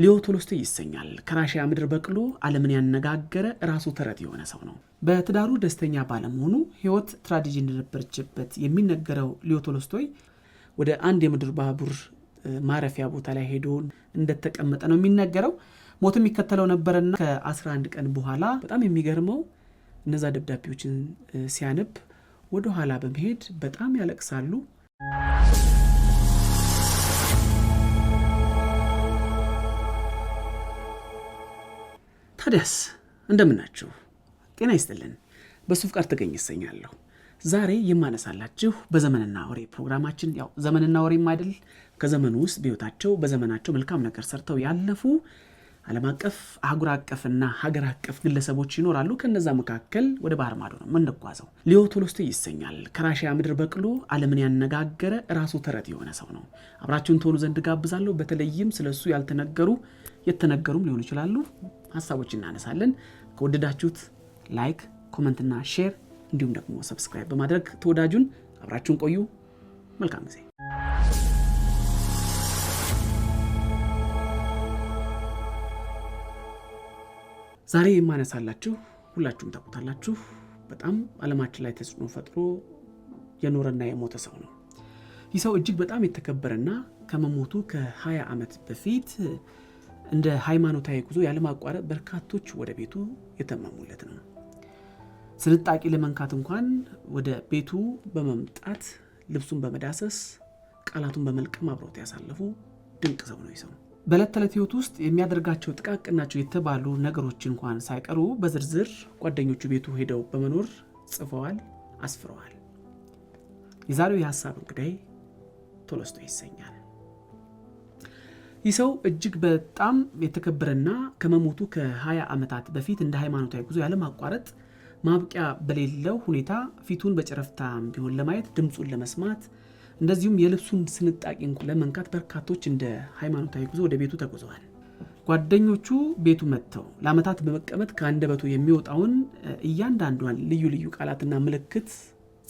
ሊዮ ቶልስቶይ ይሰኛል። ከራሽያ ምድር በቅሎ ዓለምን ያነጋገረ ራሱ ተረት የሆነ ሰው ነው። በትዳሩ ደስተኛ ባለመሆኑ ህይወት ትራዲጂ እንደነበረችበት የሚነገረው ሊዮ ቶልስቶይ ወደ አንድ የምድር ባቡር ማረፊያ ቦታ ላይ ሄዶ እንደተቀመጠ ነው የሚነገረው። ሞት የሚከተለው ነበረና ከ11 ቀን በኋላ በጣም የሚገርመው እነዛ ደብዳቤዎችን ሲያነብ ወደኋላ በመሄድ በጣም ያለቅሳሉ። ታዲያስ እንደምናችሁ ጤና ይስጥልን። በሱፍቃር ተገኝ ይሰኛለሁ። ዛሬ የማነሳላችሁ በዘመንና ወሬ ፕሮግራማችን ያው ዘመንና ወሬም አይደል ከዘመኑ ውስጥ በሕይወታቸው በዘመናቸው መልካም ነገር ሰርተው ያለፉ ዓለም አቀፍ አህጉር አቀፍና ሀገር አቀፍ ግለሰቦች ይኖራሉ። ከነዛ መካከል ወደ ባህር ማዶ ነው የምንጓዘው። ሊዮ ቶልስቶይ ይሰኛል። ከራሽያ ምድር በቅሎ ዓለምን ያነጋገረ ራሱ ተረት የሆነ ሰው ነው። አብራችሁን ትሆኑ ዘንድ ጋብዛለሁ። በተለይም ስለሱ ያልተነገሩ የተነገሩም ሊሆኑ ይችላሉ ሀሳቦች እናነሳለን። ከወደዳችሁት ላይክ፣ ኮመንትና ሼር እንዲሁም ደግሞ ሰብስክራይብ በማድረግ ተወዳጁን አብራችሁን ቆዩ። መልካም ጊዜ ዛሬ የማነሳላችሁ ሁላችሁም ታውቁታላችሁ። በጣም አለማችን ላይ ተጽዕኖ ፈጥሮ የኖረና የሞተ ሰው ነው። ይህ ሰው እጅግ በጣም የተከበረና ከመሞቱ ከ20 ዓመት በፊት እንደ ሃይማኖታዊ ጉዞ ያለማቋረጥ በርካቶች ወደ ቤቱ የተመሙለት ነው። ስንጣቂ ለመንካት እንኳን ወደ ቤቱ በመምጣት ልብሱን በመዳሰስ ቃላቱን በመልቀም አብሮት ያሳለፉ ድንቅ ሰው ነው ይሰው። በዕለት ተዕለት ህይወት ውስጥ የሚያደርጋቸው ጥቃቅናቸው የተባሉ ነገሮች እንኳን ሳይቀሩ በዝርዝር ጓደኞቹ ቤቱ ሄደው በመኖር ጽፈዋል፣ አስፍረዋል። የዛሬው የሀሳብ እንግዳይ ቶሎስቶ ይሰኛል። ይህ ሰው እጅግ በጣም የተከበረና ከመሞቱ ከ20 ዓመታት በፊት እንደ ሃይማኖታዊ ጉዞ ያለማቋረጥ ማብቂያ በሌለው ሁኔታ ፊቱን በጨረፍታ ቢሆን ለማየት ድምፁን ለመስማት እንደዚሁም የልብሱን ስንጣቂ ለመንካት በርካቶች እንደ ሃይማኖታዊ ጉዞ ወደ ቤቱ ተጉዘዋል። ጓደኞቹ ቤቱ መጥተው ለአመታት በመቀመጥ ከአንደበቱ የሚወጣውን እያንዳንዷን ልዩ ልዩ ቃላትና ምልክት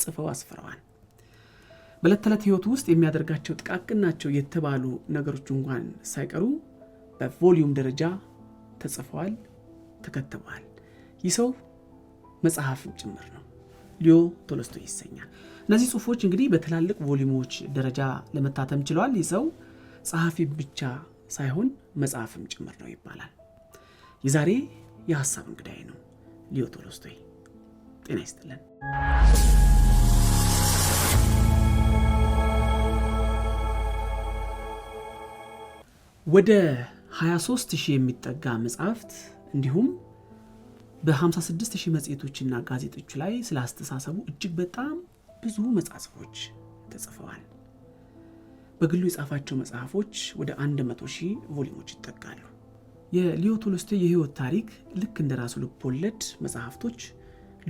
ጽፈው አስፍረዋል። በዕለት ተዕለት ህይወቱ ውስጥ የሚያደርጋቸው ጥቃቅን ናቸው የተባሉ ነገሮች እንኳን ሳይቀሩ በቮሊዩም ደረጃ ተጽፈዋል፣ ተከትበዋል። ይህ ሰው መጽሐፍም ጭምር ነው። ሊዮ ቶለስቶይ ይሰኛል። እነዚህ ጽሁፎች እንግዲህ በትላልቅ ቮሊዩሞች ደረጃ ለመታተም ችለዋል። ይህ ሰው ጸሐፊ ብቻ ሳይሆን መጽሐፍም ጭምር ነው ይባላል። የዛሬ የሀሳብ እንግዳይ ነው ሊዮ ቶሎስቶይ። ጤና ይስጥልን። ወደ 23000 የሚጠጋ መጽሐፍት እንዲሁም በ56000 መጽሔቶችና ጋዜጦች ላይ ስለ አስተሳሰቡ እጅግ በጣም ብዙ መጻሕፍቶች ተጽፈዋል። በግሉ የጻፋቸው መጽሐፎች ወደ 100000 ቮሊሞች ይጠጋሉ። የሊዮ ቶልስቶይ የህይወት ታሪክ ልክ እንደ ራሱ ልቦለድ ወለድ መጽሐፍቶች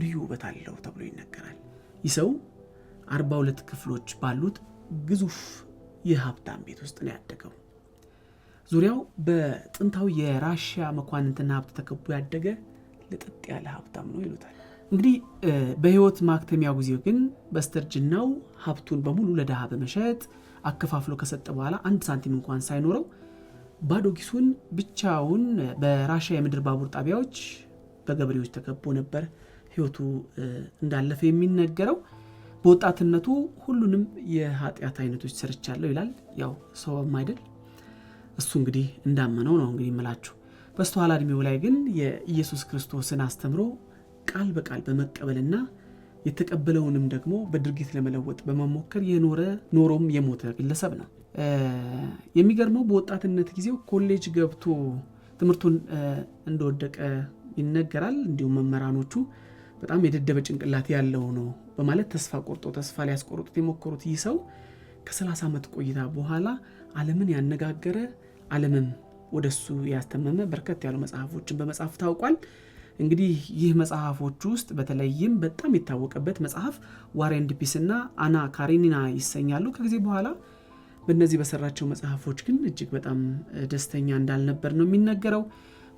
ልዩ ውበት አለው ተብሎ ይነገራል። ይህ ሰው 42 ክፍሎች ባሉት ግዙፍ የሀብታም ቤት ውስጥ ነው ያደገው። ዙሪያው በጥንታዊ የራሽያ መኳንንትና ሀብት ተከቦ ያደገ ልጥጥ ያለ ሀብታም ነው ይሉታል። እንግዲህ በህይወት ማክተሚያ ጊዜው ግን በስተርጅናው ሀብቱን በሙሉ ለድሃ በመሸጥ አከፋፍሎ ከሰጠ በኋላ አንድ ሳንቲም እንኳን ሳይኖረው ባዶ ኪሱን ብቻውን በራሽያ የምድር ባቡር ጣቢያዎች በገበሬዎች ተከቦ ነበር ህይወቱ እንዳለፈ የሚነገረው። በወጣትነቱ ሁሉንም የኃጢአት አይነቶች ሰርቻለሁ ይላል። ያው ሰው አይደል እሱ እንግዲህ እንዳመነው ነው እንግዲህ የምላችሁ። በስተኋላ እድሜው ላይ ግን የኢየሱስ ክርስቶስን አስተምሮ ቃል በቃል በመቀበልና የተቀበለውንም ደግሞ በድርጊት ለመለወጥ በመሞከር የኖረ ኖሮም የሞተ ግለሰብ ነው። የሚገርመው በወጣትነት ጊዜው ኮሌጅ ገብቶ ትምህርቱን እንደወደቀ ይነገራል። እንዲሁም መምህራኖቹ በጣም የደደበ ጭንቅላት ያለው ነው በማለት ተስፋ ቆርጦ ተስፋ ሊያስቆርጡት የሞከሩት ይህ ሰው ከ30 ዓመት ቆይታ በኋላ ዓለምን ያነጋገረ ዓለምም ወደሱ ያስተመመ በርከት ያሉ መጽሐፎችን በመጻፍ ታውቋል። እንግዲህ ይህ መጽሐፎች ውስጥ በተለይም በጣም የታወቀበት መጽሐፍ ዋር ኤንድ ፒስ እና አና ካሬኒና ይሰኛሉ። ከጊዜ በኋላ በእነዚህ በሰራቸው መጽሐፎች ግን እጅግ በጣም ደስተኛ እንዳልነበር ነው የሚነገረው።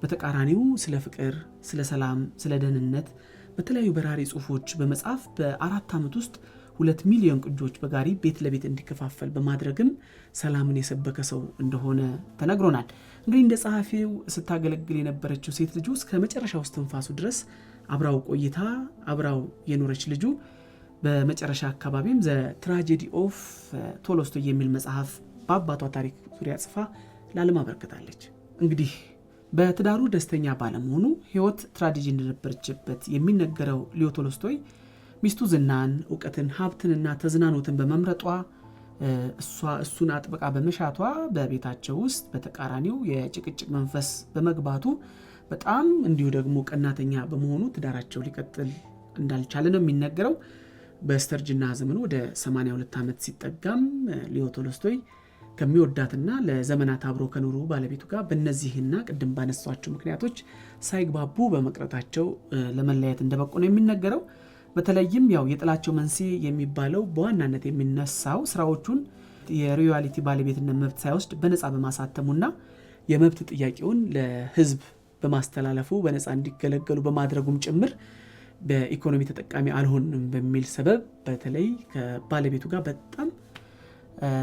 በተቃራኒው ስለ ፍቅር፣ ስለ ሰላም፣ ስለ ደህንነት በተለያዩ በራሪ ጽሁፎች በመጻፍ በአራት ዓመት ውስጥ ሁለት ሚሊዮን ቅጂዎች በጋሪ ቤት ለቤት እንዲከፋፈል በማድረግም ሰላምን የሰበከ ሰው እንደሆነ ተነግሮናል። እንግዲህ እንደ ጸሐፊው ስታገለግል የነበረችው ሴት ልጁ እስከ መጨረሻው እስትንፋሱ ድረስ አብራው ቆይታ አብራው የኖረች ልጁ በመጨረሻ አካባቢም ዘ ትራጀዲ ኦፍ ቶሎስቶ የሚል መጽሐፍ በአባቷ ታሪክ ዙሪያ ጽፋ ለዓለም አበርክታለች። እንግዲህ በትዳሩ ደስተኛ ባለመሆኑ ሕይወት ትራጀዲ እንደነበረችበት የሚነገረው ሊዮ ቶሎስቶይ ሚስቱ ዝናን፣ እውቀትን፣ ሀብትንና ተዝናኖትን በመምረጧ እሷ እሱን አጥብቃ በመሻቷ በቤታቸው ውስጥ በተቃራኒው የጭቅጭቅ መንፈስ በመግባቱ በጣም እንዲሁ ደግሞ ቀናተኛ በመሆኑ ትዳራቸው ሊቀጥል እንዳልቻለ ነው የሚነገረው። በስተርጅና ዘመኑ ወደ 82 ዓመት ሲጠጋም ሊዮ ከሚወዳትና ለዘመናት አብሮ ከኖሩ ባለቤቱ ጋር በእነዚህና ቅድም ባነሷቸው ምክንያቶች ሳይግባቡ በመቅረታቸው ለመለያየት እንደበቁ ነው የሚነገረው። በተለይም ያው የጥላቸው መንስኤ የሚባለው በዋናነት የሚነሳው ስራዎቹን የሮያሊቲ ባለቤትነት መብት ሳይወስድ በነፃ በማሳተሙና የመብት ጥያቄውን ለህዝብ በማስተላለፉ በነፃ እንዲገለገሉ በማድረጉም ጭምር በኢኮኖሚ ተጠቃሚ አልሆንም በሚል ሰበብ በተለይ ከባለቤቱ ጋር በጣም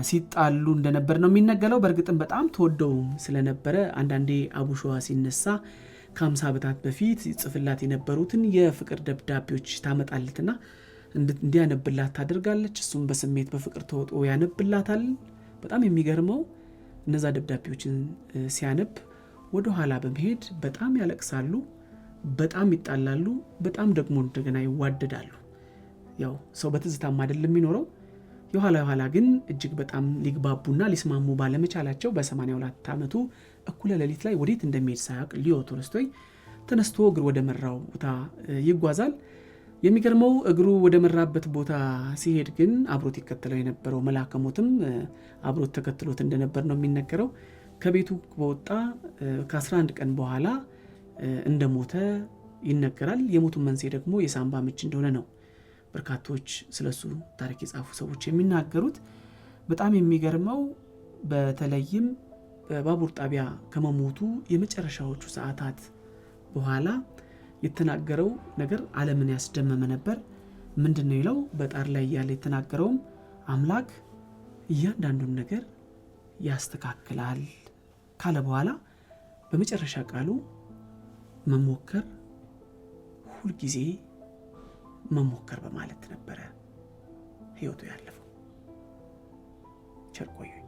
ሲጣሉ እንደነበር ነው የሚነገረው። በእርግጥም በጣም ተወደው ስለነበረ አንዳንዴ አቡሸዋ ሲነሳ ከ50 ዓመታት በፊት ጽፍላት የነበሩትን የፍቅር ደብዳቤዎች ታመጣለትና እንዲያነብላት ታደርጋለች። እሱም በስሜት በፍቅር ተወጦ ያነብላታል። በጣም የሚገርመው እነዛ ደብዳቤዎችን ሲያነብ ወደ ኋላ በመሄድ በጣም ያለቅሳሉ፣ በጣም ይጣላሉ፣ በጣም ደግሞ እንደገና ይዋደዳሉ። ያው ሰው በትዝታም አይደለም የሚኖረው የኋላ የኋላ ግን እጅግ በጣም ሊግባቡና ሊስማሙ ባለመቻላቸው በ82 ዓመቱ እኩለ ሌሊት ላይ ወዴት እንደሚሄድ ሳያውቅ ሊዮ ቶልስቶይ ተነስቶ እግር ወደ መራው ቦታ ይጓዛል። የሚገርመው እግሩ ወደ መራበት ቦታ ሲሄድ ግን አብሮት ይከተለው የነበረው መልአከ ሞትም አብሮት ተከትሎት እንደነበር ነው የሚነገረው። ከቤቱ በወጣ ከ11 ቀን በኋላ እንደሞተ ይነገራል። የሞቱን መንስኤ ደግሞ የሳምባ ምች እንደሆነ ነው በርካቶች ስለሱ ታሪክ የጻፉ ሰዎች የሚናገሩት። በጣም የሚገርመው በተለይም በባቡር ጣቢያ ከመሞቱ የመጨረሻዎቹ ሰዓታት በኋላ የተናገረው ነገር ዓለምን ያስደመመ ነበር። ምንድን ነው ይለው በጣር ላይ እያለ የተናገረውም አምላክ እያንዳንዱን ነገር ያስተካክላል ካለ በኋላ በመጨረሻ ቃሉ መሞከር፣ ሁልጊዜ መሞከር በማለት ነበረ ህይወቱ ያለፈው። ቸር ቆዩኝ።